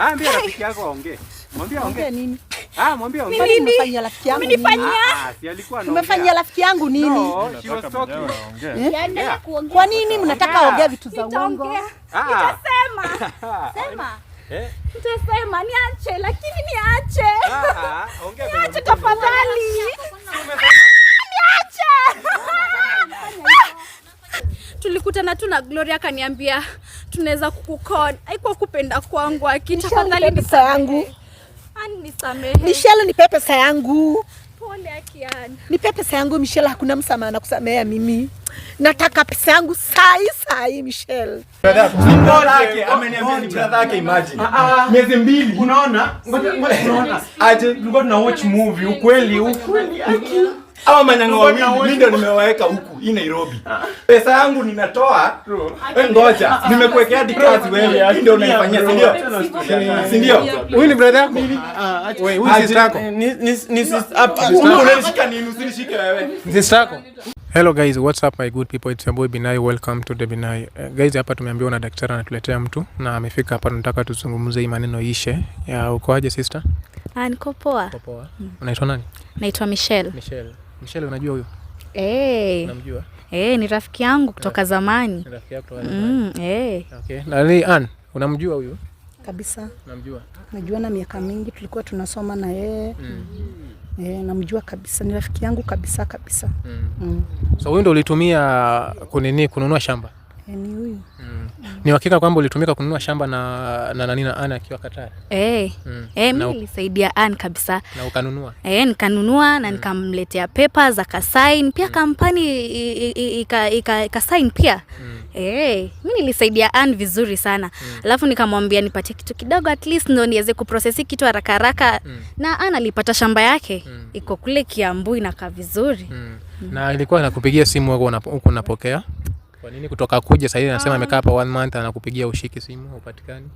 Ambia ah, rafiki yako aongee. Mwambie aongee nini? Ah, mwambie aongee. rafiki yangu ninikwa Ah, si alikuwa anaongea. rafiki yangu nini? No, she was talking. Eh? kuongea. Kwa nini mnataka ah. ongea vitu za uongo? Ah. Nitasema. Sema. Eh? Nitasema niache lakini niache. Ah, ongea. Niache tafadhali. Niache. Tulikutana tu na Gloria akaniambia tunaweza kukukon haikuwa kupenda kwangu akitafadhali ni pesa yangu yaani Michelle, nipe pesa yangu. Pole Nipe pesa yangu Michelle, hakuna msamaha na kusamea mimi. Nataka pesa yangu sai sai Michelle. Ah, ah. Miezi mbili. Unaona? Unaona? Aje, tulikuwa tuna watch movie ukweli ukweli. Hawa wa mimi ndio nimewaweka huku hii Nairobi. Ah. Pesa yangu ninatoa. Eh, wewe ngoja, nimekuwekea dikazi wewe. Hii ndio unaifanyia, si ndio? Si ndio? Huyu ni brother yako. Ah, ah, wewe huyu sister yako. Ni ni sister up. Unanishika nini? Usinishike wewe. Sister yako. Hello guys, what's up my good people? It's your boy Binai. Welcome to the Binai. Uh, guys hapa tumeambiwa na daktari anatuletea mtu na amefika hapa, tunataka tuzungumze hii maneno ishe. Ya ukoaje sister? Ah, niko poa. Unaitwa nani? Naitwa Michelle. Michelle. Michelle unajua huyo? Eh. Unamjua? Eh, ni rafiki yangu kutoka eh. zamani. rafiki yako kutoka mm, zamani. Mm, eh. Okay. Na ni Ann, unamjua huyo? Kabisa. Unamjua? Najua na miaka mingi tulikuwa tunasoma na yeye. Mm. Eh, namjua kabisa, ni rafiki yangu kabisa kabisa. Mm. Mm. So wewe ndio ulitumia kunini kununua shamba? ni yaani huyu mm. Ni hakika kwamba ulitumika kununua shamba na na nani na Ann akiwa Katari? Eh, mm. eh mimi nilisaidia Ann kabisa. Na ukanunua? Eh, nikanunua na mm. nikamletea papers akasign pia mm. kampani ikasign pia mm. Eh, mimi nilisaidia an vizuri sana mm. alafu nikamwambia nipatie kitu kidogo at least ndo niweze kuprosesi kitu haraka haraka mm. na an alipata shamba yake mm. iko kule Kiambu inakaa vizuri mm. Mm. na ilikuwa nakupigia simu huko unapokea? Kwa nini kutoka kuja sasa hivi anasema ah. amekaa hapa one month anakupigia ushiki simu upatikani?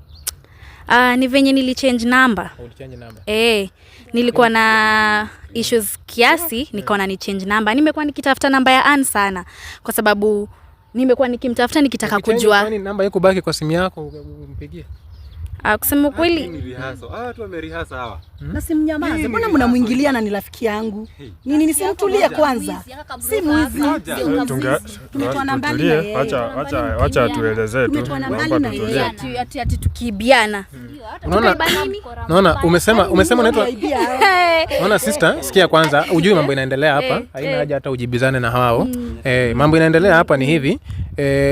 Uh, ah, ni venye change number. Ah, ulichange number? Eh, nilikuwa na issues kiasi nikaona ni change number. Nimekuwa nikitafuta namba ya Ann sana kwa sababu nimekuwa nikimtafuta nikitaka kujua. Namba yako baki kwa simu yako umpigie? Ah, kusema kweli, ah, hmm? na si mnyamaze. Mbona mnamwingilia na ni rafiki yangu nini? Nisimtulie kwanza, si mwizi. Acha tuelezee tu, ati tukiibiana. Naona umesema umesema unaitwa. naona sister, sikia kwanza, ujui mambo inaendelea eh, hapa, haina eh. haja hata ujibizane na hao. Mm. Eh, mambo inaendelea hapa ni hivi,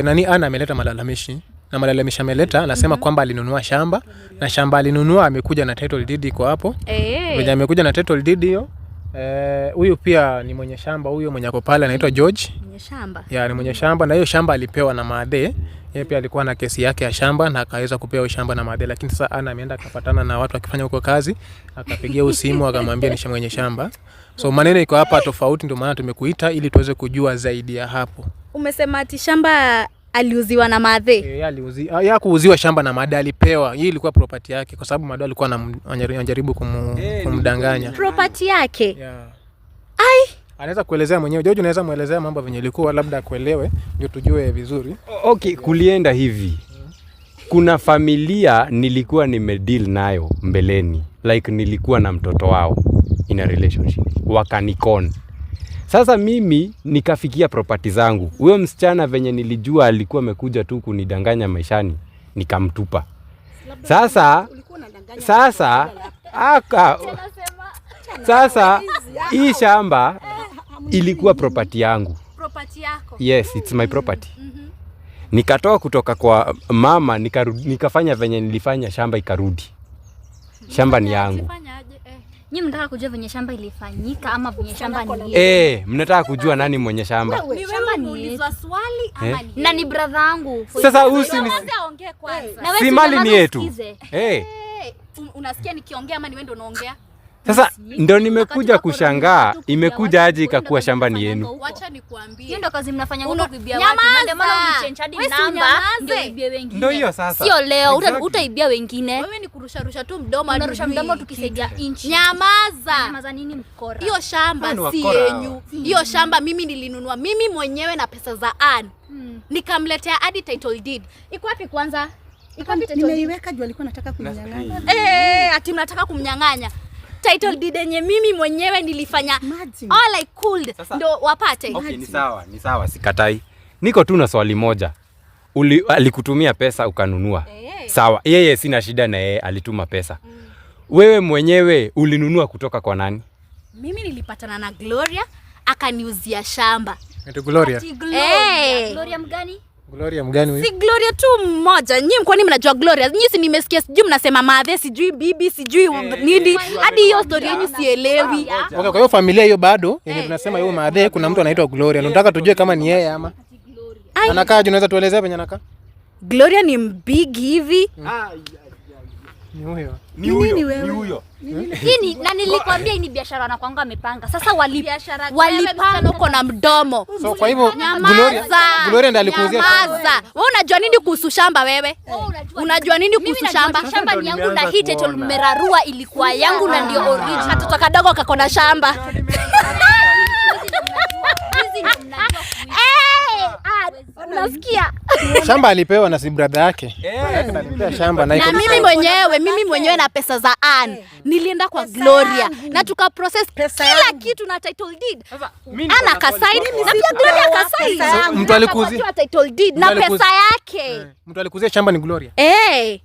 nani ana ameleta malalamishi na malalamisho ameleta, anasema mm -hmm. kwamba alinunua shamba na shamba alinunua amekuja na title deed iko hapo hey. Eh. Venye amekuja na title deed hiyo eh, huyu e, pia ni mwenye shamba huyo mwenye ako pale anaitwa George. Mwenye shamba. Ya, ni mwenye shamba na hiyo shamba alipewa na Madhe. Yeye pia alikuwa na kesi yake ya shamba na akaweza kupewa shamba na Madhe, lakini sasa ana ameenda akapatana na watu akifanya huko kazi, akapigia usimu akamwambia ni mwenye shamba. So maneno iko hapa tofauti, ndio maana tumekuita ili tuweze kujua zaidi ya hapo. Umesema ati shamba aliuziwa na madhe e, ya kuuziwa shamba na madhe alipewa. Hii ilikuwa propati yake, kwa sababu madhe alikuwa anajaribu kumu, e, kumdanganya propati yake yeah. Ai, anaweza kuelezea mwenyewe George, unaweza muelezea mambo venye ilikuwa, labda akuelewe ndio tujue vizuri. Okay, kulienda hivi kuna familia nilikuwa nimedeal nayo mbeleni, like nilikuwa na mtoto wao in a relationship, wakanikon sasa mimi nikafikia propati zangu. Huyo msichana venye nilijua alikuwa amekuja tu kunidanganya maishani, nikamtupa. Sasa sasa aka sasa hii shamba eh, ilikuwa propati yangu. Propati yako? Yes, it's my property. Mm-hmm. Nikatoa kutoka kwa mama nikarudi, nikafanya venye nilifanya, shamba ikarudi. Shamba ni yangu. Nyinyi mnataka kujua venye shamba ilifanyika ama venye shamba ni eh? Hey, mnataka kujua nani mwenye shamba? Shamba ni swali eh? ama ni na ni brother wangu. Sasa usi ni si mali ni yetu. Eh. eh um, unasikia nikiongea ama ni wewe ndio unaongea? Sasa ndio nimekuja kushangaa, imekuja aje ikakuwa shamba ni yenu? Ndio hiyo sasa, sio leo utaibia wengine. Wewe ni kurusha rusha tu mdomo, mdomo tukisaidia inchi. Nyamaza! Hiyo shamba si yenu. hiyo shamba mimi nilinunua mimi mwenyewe na pesa za Ann, hmm. nikamletea hadi title deed. Iko wapi kwanza? Nimeiweka juu, alikuwa anataka kunyang'anya. Eh, eh, eh, ati mnataka kumnyang'anya title deed yenye mimi mwenyewe nilifanya all I could ndo wapate. Okay, ni sawa, ni sawa, sikatai. Niko tu na swali moja. Uli, alikutumia pesa ukanunua. Eh, eh. Sawa, yeye sina shida na yeye alituma pesa. Mm. Wewe mwenyewe ulinunua kutoka kwa nani? Mimi nilipatana na Gloria akaniuzia shamba. Gloria. Gloria. Eh. Hey. Gloria mgani? Gloria mgani huyu? Si Gloria tu mmoja. Nyinyi kwa nini mnajua Gloria? Nyinyi si nimesikia sijui mnasema madhe, sijui bibi, sijui eh, nini. Eh, eh, Hadi hiyo story yenu sielewi. Okay, kwa hiyo familia hiyo bado yenye tunasema hiyo madhe kuna mtu anaitwa Gloria. Nataka tujue kama ni yeye ama. Anakaa unaweza tuelezea penye anakaa? Gloria ni mbigi hivi. Ah, ni huyo. Ni huyo. Ni huyo. Hii na nilikwambia hii ni biashara na kwanga amepanga. Sasa wali walipanga uko na mdomo. So kwa hivyo Gloria Gloria ndiye alikuuzia. Sasa wewe unajua nini kuhusu shamba wewe? Eh. Oh, unajua nini kuhusu shamba? Shamba ni yangu na hii title nimerarua ilikuwa yangu na ndio original. Katoto kadogo kako shamba. Unasikia? Shamba alipewa na si brother yake. Eh. Alipea shamba na mimi mwenyewe, mimi mwenyewe na pesa za Ann. Eh. Nilienda kwa Gloria na tuka process kila kitu na title deed. Ana kasaini na pia Gloria kasaini. Mtu alikuzia title deed na pesa yake. Eh, mtu alikuzia shamba ni Gloria. Eh.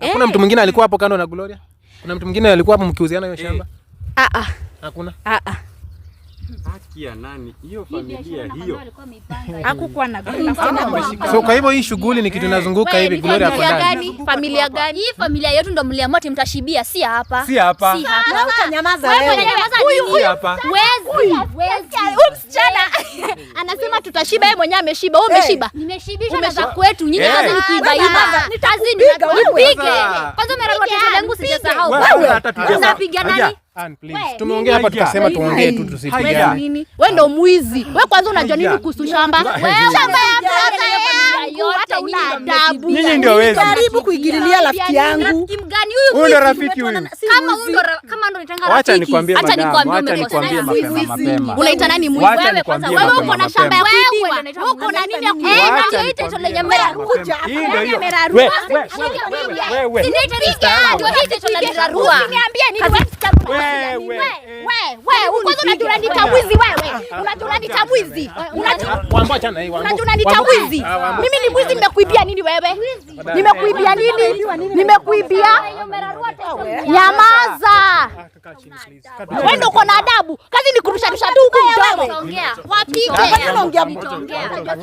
Hakuna mtu mwingine alikuwa hapo kando na Gloria? Kuna mtu mwingine alikuwa hapo mkiuziana hiyo shamba? Ah ah. Hakuna. Ah ah haki ya hiyo kwa hivyo hii shughuli ni kitu inazunguka hivi. Gloria, kwa nani? Familia gani hii? Familia yetu ndo mliamua mtashibia, si hapa, si hapa. Utanyamaza wewe, anasema tutashiba, yeye mwenyewe ameshiba. Wewe umeshiba, nimeshibisha na za kwetu nyinyi, kazi ni kuiba iba, kazi ni Kwanza mara kwa tatu sijasahau, wewe unapigana nani? Tumeongea hapa tukasema tuongee tu tusipigane. Wewe ndio mwizi. Wewe kwanza unajua nini kuhusu shamba? Shamba ya Nyinyi yaani ndio wewe. Karibu kuigililia rafiki yangu. Huyu ndo rafiki huyu. Wacha nikwambie madam, Acha nikwambie mapema Unaita nani mwizi wewe kwanza? Wewe uko na shamba yako wewe. Uko na nini ya kuita tole jamera ruja. Hii ndio hiyo. Wewe wewe. Sinaita rika. Ndio hii tole jamera Niambie nini wewe? Wewe wewe. unajua ni wewe. Unajua ni Unajua. Wambia Mimi nini mwizi? Nimekuibia nini wewe? Nimekuibia nini? Nimekuibia? Nyamaza wewe, ndio uko na adabu? Kazi ni rusha tu huko mdomo.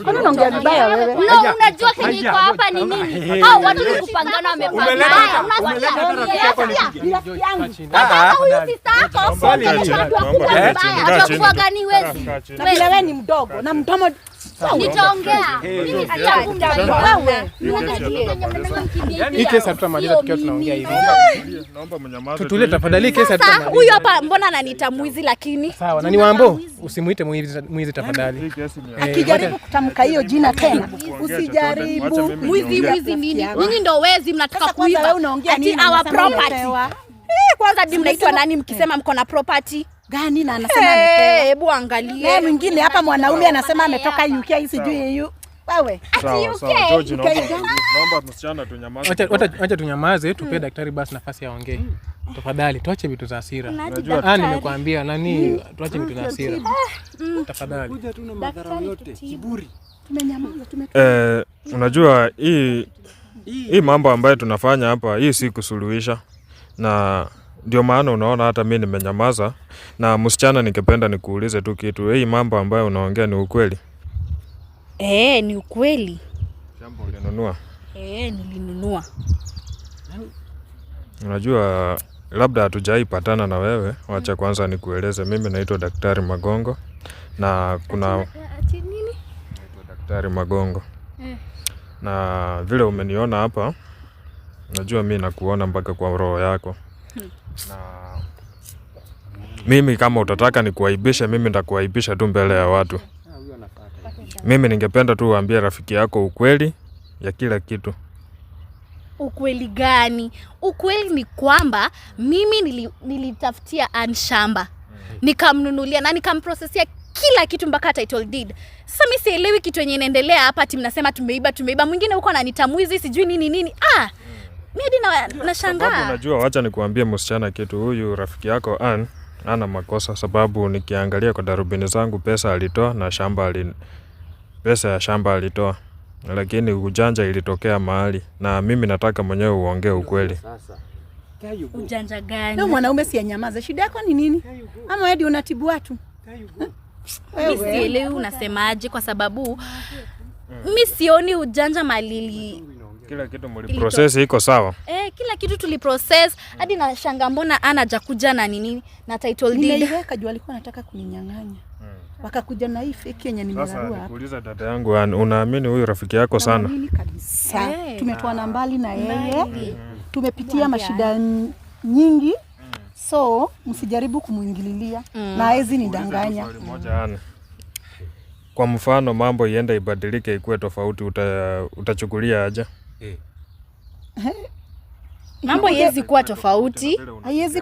Unaongea vibaya wewe. Unajua kile iko hapa ni nini? Hao watu ni kupangana, wamepangana. Unasikia? ni mdogo na mdomo nitaongea Tutulie tafadhali, Huyu hapa mbona ananiita mwizi? Lakini sawa, na ni usimuite mwizi tafadhali. Akijaribu kutamka hiyo jina tena, usijaribu mwizi. Mwizi nini? Nyinyi ndio wezi, mnataka kuiba ati our property. Kwanza bi mnaitwa nani mkisema mko na property? gani na anasema hey, amepewa. Hebu angalie. mwingine hapa mwanaume anasema ametoka UK sijui EU. Wewe. Wacha tunyamaze tupee mm. daktari basi nafasi aongee. Tafadhali tuache vitu za hasira. Ah, nimekuambia nani mm. tuache vitu za hasira. Mm. Tafadhali. Eh, unajua hii hii mambo ambayo tunafanya hapa hii si kusuluhisha na ndio maana unaona hata mi nimenyamaza na msichana ningependa nikuulize tu kitu. Hii mambo ambayo unaongea ni ukweli? Ee, ni ukweli. Shamba ulinunua? Ee, nilinunua. Yaani, unajua labda hatujaipatana na wewe, wacha kwanza nikueleze. Mimi naitwa Daktari Magongo na kuna ati nini? Naitwa Daktari Magongo eh. Na vile umeniona hapa, najua mi nakuona mpaka kwa roho yako na mimi kama utataka nikuaibishe, mimi nitakuaibisha tu mbele ya watu. Mimi ningependa tu uambie rafiki yako ukweli ya kila kitu. Ukweli gani? Ukweli ni kwamba mimi nili, nilitafutia Ann shamba mm. nikamnunulia na nikamprosesia kila kitu mpaka title deed. Sasa mimi sielewi kitu yenye inaendelea hapa, ati mnasema tumeiba tumeiba, mwingine huko ananitamwizi sijui nini nini. Ah! mimi nashangaa. Unajua, wacha nikuambie msichana kitu, huyu rafiki yako an ana makosa, sababu nikiangalia kwa darubini zangu pesa alitoa na shamba ali, pesa ya shamba alitoa, lakini ujanja ilitokea mahali, na mimi nataka mwenyewe uongee ukweli. Ujanja gani? Na mwanaume si anyamaza. Shida yako ni nini? Ama hadi unatibu watu? Mimi sielewi unasemaje, kwa sababu mimi sioni ujanja malili kila kitu mliprocess iko sawa? Eh, kila kitu tuliprocess hadi na shanga, mbona ana jakuja na nini na title deed nimeiweka juu alikuwa anataka kuninyang'anya hmm. wakakuja na hii fake yenye Sasa Nikuuliza dada yangu, unaamini huyu rafiki yako sana? Kabisa, eh. tumetoana mbali na yeye, hmm. tumepitia mashida nyingi, hmm. so msijaribu kumwingililia na hawezi nidanganya. Kwa mfano mambo iende ibadilike ikuwe tofauti, utachukulia aje? Eh. Mambo haiwezi kuwa tofauti, haiwezi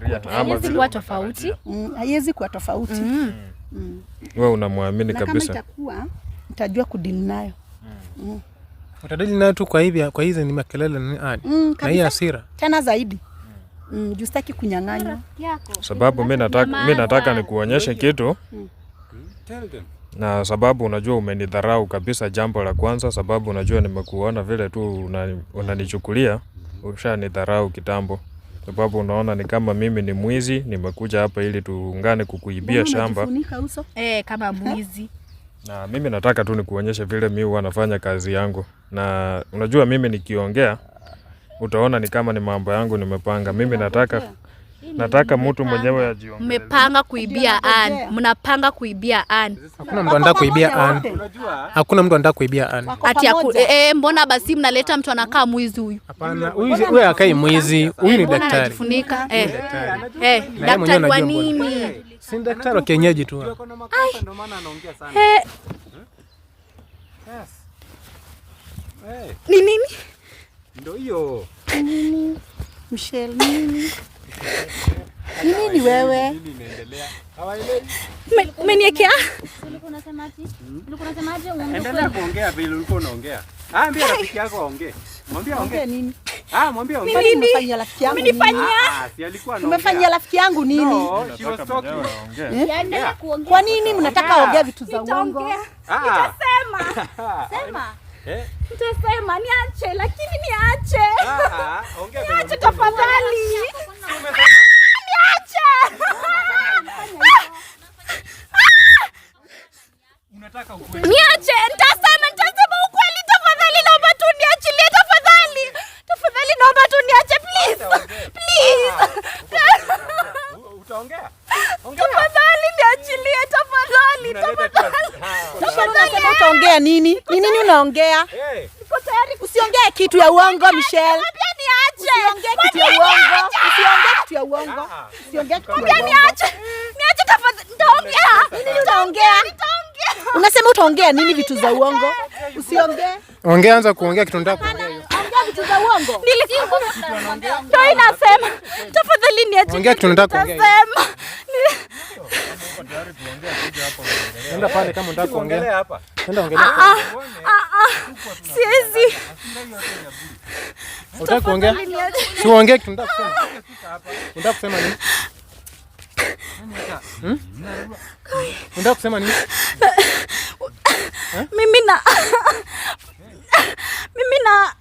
kuwa tofauti, mm, haiwezi kuwa tofauti. Mm. Mm. Wewe unamwamini kabisa, itakuwa mtajua kudili nayo mm. Utadili nayo tu kwa hivi, kwa hizi ni makelele mm, na hii hasira tena zaidi mm, juu sitaki kunyang'anywa, sababu mi nataka nikuonyeshe kitu mm na sababu unajua umenidharau kabisa, jambo la kwanza, sababu unajua nimekuona vile tu unanichukulia, una ushanidharau kitambo, sababu unaona ni kama mimi ni mwizi, nimekuja hapa ili tuungane kukuibia shamba e, kama mwizi na mimi nataka tu nikuonyeshe vile mi huwa nafanya kazi yangu, na unajua mimi nikiongea utaona ni kama ni mambo yangu nimepanga. Mimi nataka Nataka mtu mwenyewe ajiongee. Mmepanga kuibia Ann, mnapanga kuibia Ann. Hakuna mtu anataka kuibia Ann. Hakuna mtu anataka kuibia Ann. Ati eh, eh, mbona basi mnaleta mtu anakaa mwizi huyu? Hapana, huyu huyu hakai mwizi, huyu ni daktari. Eh. Anajifunika eh. Eh, daktari wa nini? Eh, si daktari wa kienyeji tu. Ndio Eh. Ni nini? Ndio hiyo. Nini? Michelle nini? Nini ni wewe? Umeniekea? Endelea kuongea vile ulikuwa unaongea. Ah, rafiki yako aongee. Mwambie aongee. Nini? Ah, mwambie aongee. nimefanyia rafiki yangu? Ah, ah, si alikuwa anaongea. Umefanyia rafiki yangu nini? No, she was talking. Eh? Kwa nini mnataka vitu za uongo? Ah. Nitasema. Sema eh? Nitasema niache lakini niache. Ah, ongea. Niache tafadhali. Niache. Unataka ukweli? Niache, nitasema nitasema ukweli tafadhali, naomba tu niachilie tafadhali. Tafadhali naomba tu niache please. Please. Utaongea? Tafadhali niachilie tafadhali. Tafadhali. Tafadhali utaongea nini? unaongea? Niko tayari usiongee kitu ya uongo Michelle. Usiongee kitu ya uongo. Ah. Usiongee kitu ya uongo. Usiongee kitu ya uongo. niache. Niache tafadhali. Nitaongea. Nitaongea. Unasema utaongea nini vitu za uongo? Usiongee. Ongea, anza kuongea kitu ndako. Ongea vitu za uongo. Tafadhali niache. Ongea kitu ndako. Nasema. Nenda pale kama unataka kuongea. Nenda ongelea. Ah, ah, ah, Siwezi. Unataka kuongea? Si uongee kitu unataka kusema. Unataka kusema nini? Hmm? Unataka kusema nini? Mimi na Mimi na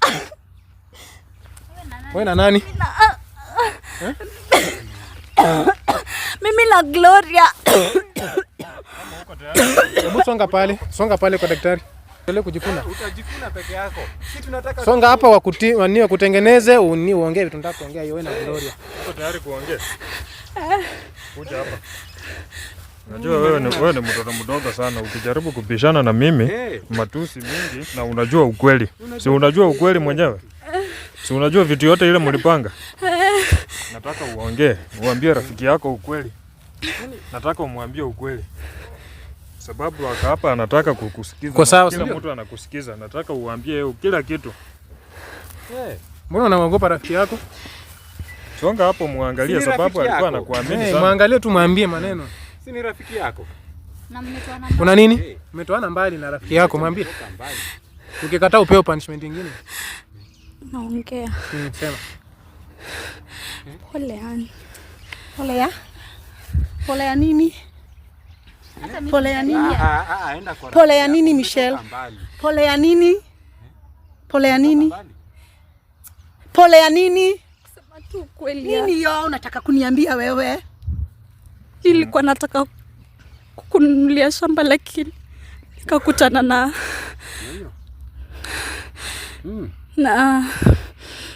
Wewe na nani? mimi na Gloria. Hebu songa pale, songa pale kwa daktari. Tuele kujikuna. Utajikuna peke yako. Si tunataka songa hapa wa kuti wani kutengeneze uni uongee vitu nataka kuongea yeye na Gloria. Uko tayari kuongea? Kuja hapa. Unajua wewe ni wewe ni mtoto mdogo sana, ukijaribu kupishana na mimi eh. matusi mingi, na unajua ukweli. Si unajua ukweli mwenyewe? Si unajua vitu yote ile mlipanga. Nataka uongee, uambie rafiki yako ukweli. Nataka umwambie ukweli. Sababu haka hapa anataka kukusikiza. Kwa sababu kila mtu anakusikiza. Nataka uambie yeye kila kitu. Eh, mbona unamwogopa rafiki yako? Songa hapo muangalie sababu alikuwa anakuamini eh, sana. Muangalie tu mwambie maneno. Si ni rafiki yako. Na mmetoana mbali. Kuna nini? Eh. Mmetoana mbali na rafiki yako mwambie. Ukikataa upewe punishment nyingine naongea. sema. Pole yani. Pole ya? Pole ya nini? Pole ya nini? Ah, ah, ah, Pole ya nini Michelle? Eh? Pole ya nini? Pole ya nini? Pole ya nini? tu kweli Nini yo unataka kuniambia wewe? Nilikuwa nataka kukununulia shamba lakini nikakutana na mm na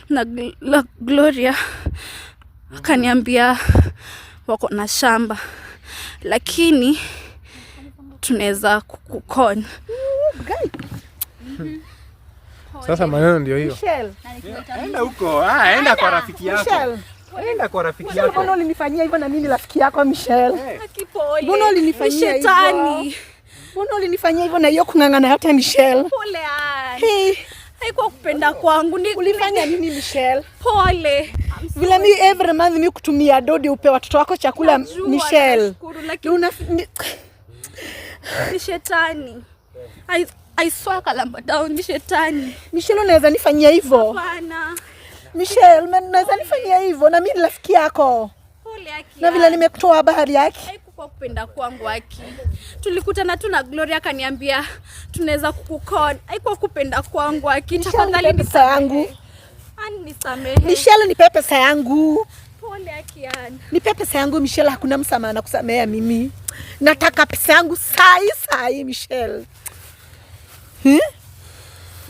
na la Gloria akaniambia wako na shamba lakini tunaweza kukonya. Mm-hmm. Sasa maneno ndio hiyo. Enda huko, ah, enda kwa rafiki yako. Enda kwa rafiki yako. Mbona ulinifanyia hivyo na mimi rafiki yako Michelle? Mbona ulinifanyia hivyo? Mbona ulinifanyia hivyo na hiyo kung'ang'ana hata Michelle? Pole haikuwa kupenda kwangu. Ni ulifanya nini Michelle? Pole. Vile mi every month mi kutumia dodi upe watoto wako chakula Michelle. Ni ni shetani. I, I swear Kalamba down ni shetani. Michelle unaweza nifanyia hivyo? Hapana. Michelle, unaweza nifanyia hivyo na mimi rafiki yako. Pole yake. Na vile nimekutoa bahari yake kwa kupenda kwangu aki, tulikutana tu na Gloria akaniambia tunaweza kukukon. Haikuwa kupenda kwangu aki, tafadhali pesa yangu Ani nisamehe. Michelle, nipe pesa yangu. Pole aki, nipe pesa yangu Michelle, hakuna msamaha na kusamehea mimi. Nataka pesa yangu sai sai Michelle. Hmm?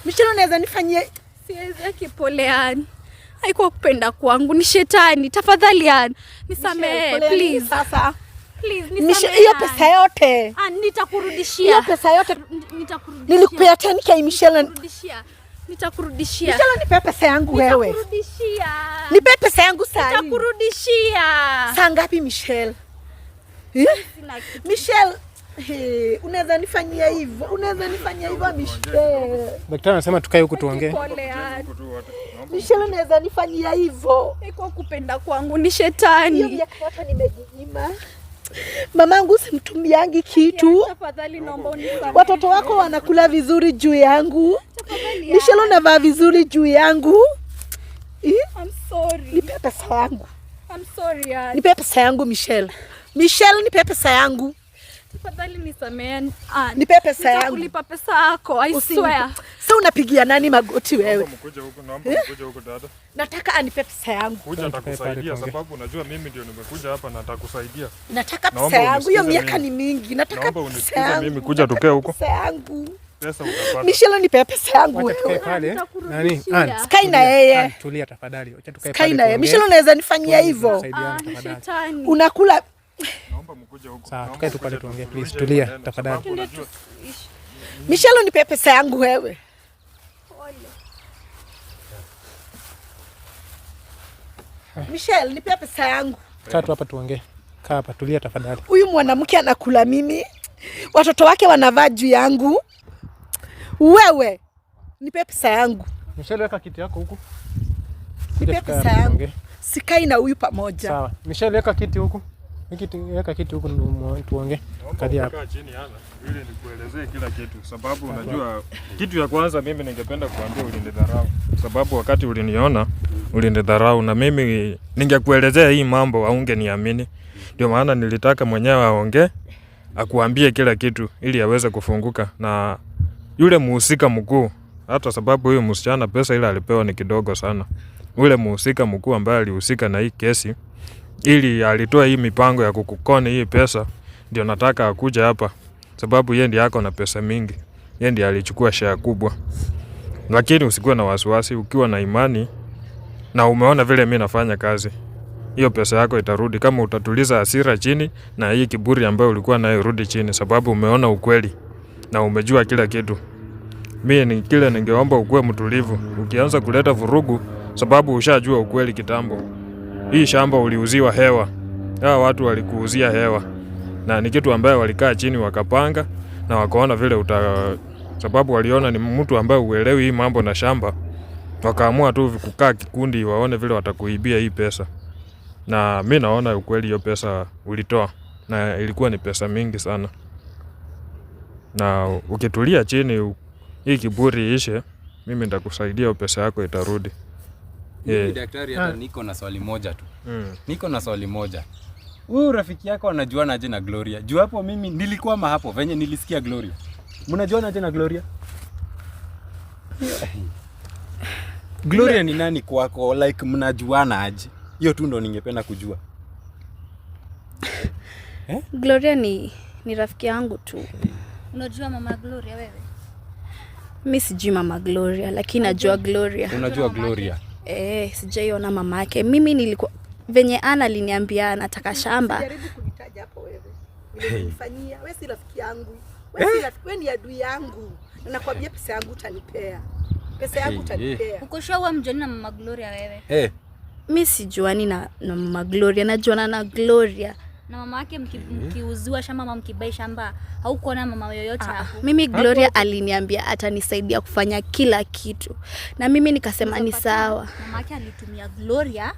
Michelle, unaweza nifanyie? Siwezi aki, pole yani. Haikuwa kupenda kwangu, ni shetani. Tafadhali yani, nisamehe please. Sasa Ah, hiyo pesa yote nitakurudishia. Hiyo pesa yote nilikupea 10k Michelle. Nitakurudishia. Michelle, nipe pesa yangu wewe. Nitakurudishia. Nipe pesa yangu sasa, Nitakurudishia. Saa ngapi Michelle? Eh? Michelle, eh, unaweza nifanyia hivyo? Unaweza nifanyia hivyo Michelle? Daktari anasema tukae huko tuongee. Ah. Michelle, unaweza nifanyia hivyo? Iko kupenda kwangu ni shetani. Hiyo Nimejinyima mamangu, simtumiangi kitu. Yaani, Watoto wako wanakula vizuri juu yangu, Michelle yaani. navaa vizuri juu yangu. Nipe pesa yangu, yaani. nipe pesa yangu Michelle, Michelle, nipe pesa yangu, ah, nipe pesa yangu. Sasa unapigia nani magoti wewe? naomba, eh? dada. Nataka anipe pesa yangu. Kuja nitakusaidia sababu unajua mimi ndio nimekuja hapa na nitakusaidia. Nataka pesa yangu. Hiyo miaka ni mingi. Nataka pesa yangu. Mimi kuja tokea huko. Pesa yangu. Pesa utapata. Mishelo nipe pesa yangu wewe. Nani? Sky na yeye. Tulia tafadhali. Acha tukae pale. Sky na yeye. Mishelo unaweza nifanyia hivyo. Ah, Unakula. Naomba mkuje huko. Sawa, tukae tu pale tuongee please. Tulia tafadhali. Michelle nipe pesa yangu wewe. Michelle, nipea pesa yangu. Tatu hapa tuongee. Kaa hapa tulia tafadhali. Huyu mwanamke anakula mimi, watoto wake wanavaa juu yangu. Wewe nipea pesa yangu. Michelle, weka kiti yako huku. Nipea pesa yangu. Sikai na huyu pamoja. Sawa. Michelle, weka kiti huku. Kiti, weka kiti huku tuongee. Kadi hapa. Kaa Chini hapa ili nikuelezee kila kitu, sababu unajua kitu ya kwanza mimi ningependa kuambia ulinidharau, sababu wakati uliniona ulinidharau, na mimi ningekuelezea hii mambo haungeniamini. Ndio maana nilitaka mwenyewe aongee, akuambie kila kitu ili aweze kufunguka na yule muhusika mkuu, hata sababu huyu msichana pesa ile alipewa ni kidogo sana. Ule muhusika mkuu ambaye alihusika na hii kesi, ili alitoa hii mipango ya kukukoni hii pesa, ndio nataka akuja hapa, sababu yeye ndiye ako na pesa mingi, yeye ndiye alichukua share kubwa. Lakini usikuwe na wasiwasi, ukiwa na imani na umeona vile mimi nafanya kazi, hiyo pesa yako itarudi kama utatuliza hasira chini na hii kiburi ambayo ulikuwa nayo irudi chini, sababu umeona ukweli na umejua kila kitu. Mimi ni kile ningeomba ukuwe mtulivu, ukianza kuleta vurugu, sababu ushajua ukweli kitambo. Hii shamba uliuziwa hewa, hawa watu walikuuzia hewa, na ni kitu ambayo walikaa chini wakapanga na wakaona vile uta, sababu waliona ni mtu ambaye uelewi hii mambo na shamba wakaamua tu kukaa kikundi, waone vile watakuibia hii pesa. Na mi naona ukweli hiyo pesa ulitoa, na ilikuwa ni pesa mingi sana, na ukitulia chini, hii kiburi ishe, mimi nitakusaidia, hiyo pesa yako itarudi. Yeah. Daktari, hata niko na swali moja tu. Mm. Niko na swali moja. Huyu rafiki yako anajuana aje na Gloria? Juu hapo mimi nilikuwa mahapo venye nilisikia Gloria. Mnajuana aje na Gloria? Gloria ni nani kwako? Like mnajuana aje? Hiyo tu ndo ningependa kujua. eh? Gloria ni ni rafiki yangu tu. Unajua mama Gloria wewe? Mimi sijui mama Gloria lakini najua Gloria. Unajua Gloria? Eh, sijaiona mama yake. Mimi nilikuwa venye Ana aliniambia anataka shamba. Jaribu kunitaja hapo wewe. Nilikufanyia. Wewe si rafiki yangu. Wewe si eh? rafiki, wewe ni adui yangu. Nakwambia pesa yangu utanipea. Pesa yako utanipea. na Mama Gloria wewe? Eh. Mi sijuani na na Mama Gloria, najuana na Gloria. Na mama yake eh. mkiuziwa mki shamba ama mkibai shamba, haukuona mama yoyote ah, hapo. Mimi Gloria aliniambia atanisaidia kufanya kila kitu, na mimi nikasema ni sawa. Mama yake alitumia Gloria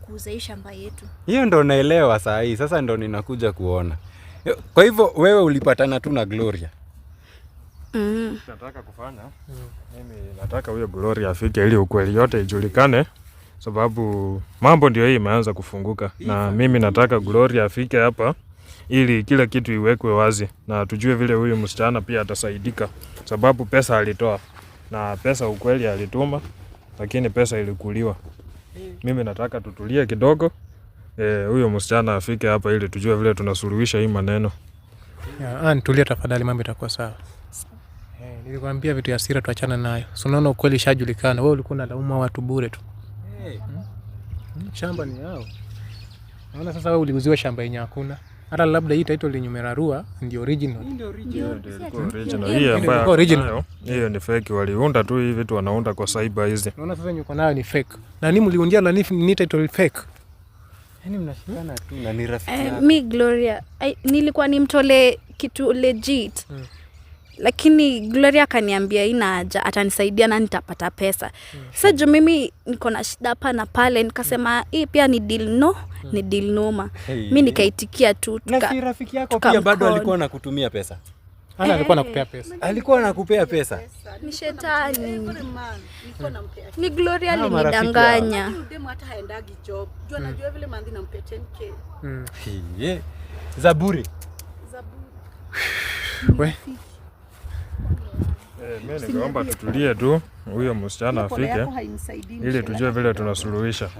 kuuza hii shamba yetu. Hiyo ndo naelewa saa hii, sasa ndo ninakuja kuona. Kwa hivyo wewe ulipatana tu na Gloria? mm. Nataka kufanya mm. nataka huyo Gloria afike ili ukweli yote ijulikane, sababu mambo ndio hii imeanza kufunguka Na mimi nataka Gloria afike hapa ili kila kitu iwekwe wazi na tujue vile huyu msichana pia atasaidika, sababu pesa alitoa na pesa ukweli alituma, lakini pesa ilikuliwa. Mimi nataka tutulie kidogo huyu e, msichana afike hapa ili tujue vile tunasuluhisha hii maneno. Yeah, Tulia tafadhali, mambo itakuwa sawa. Nilikwambia vitu ya sira tuachana nayo. Si unaona ukweli ishajulikana. Wewe ulikuwa unalauma watu bure tu. Hey. Hmm? hmm shamba ni yao. Naona sasa wewe uliuziwa shamba yenye hakuna. Hata labda hii taito yenye umerarua ndio original. Hiyo ni fake, waliunda tu hii vitu wanaunda kwa cyber hizi. Naona sasa nyuko nayo ni fake. Na ni mliundia na ni taito fake? Yaani mnashikana tu na ni rafiki. Eh, mi Gloria, nilikuwa nimtolee kitu legit. Hmm lakini Gloria akaniambia ina haja, atanisaidia na nitapata pesa. mm -hmm. Sasa juu mimi niko na shida hapa na pale, nikasema hii pia ni dil no, ni dil noma. hey, mi nikaitikia tu. rafiki yako pia bado alikuwa anakutumia pesa? Ana alikuwa anakupea pesa. Alikuwa nakupea pesa. Ni shetani. Ni Gloria ah, alinidanganya. Hmm. Hmm. Zaburi. Zaburi. Eh, mimi nikaomba tutulie tu huyo msichana afike ili tujue vile tunasuluhisha.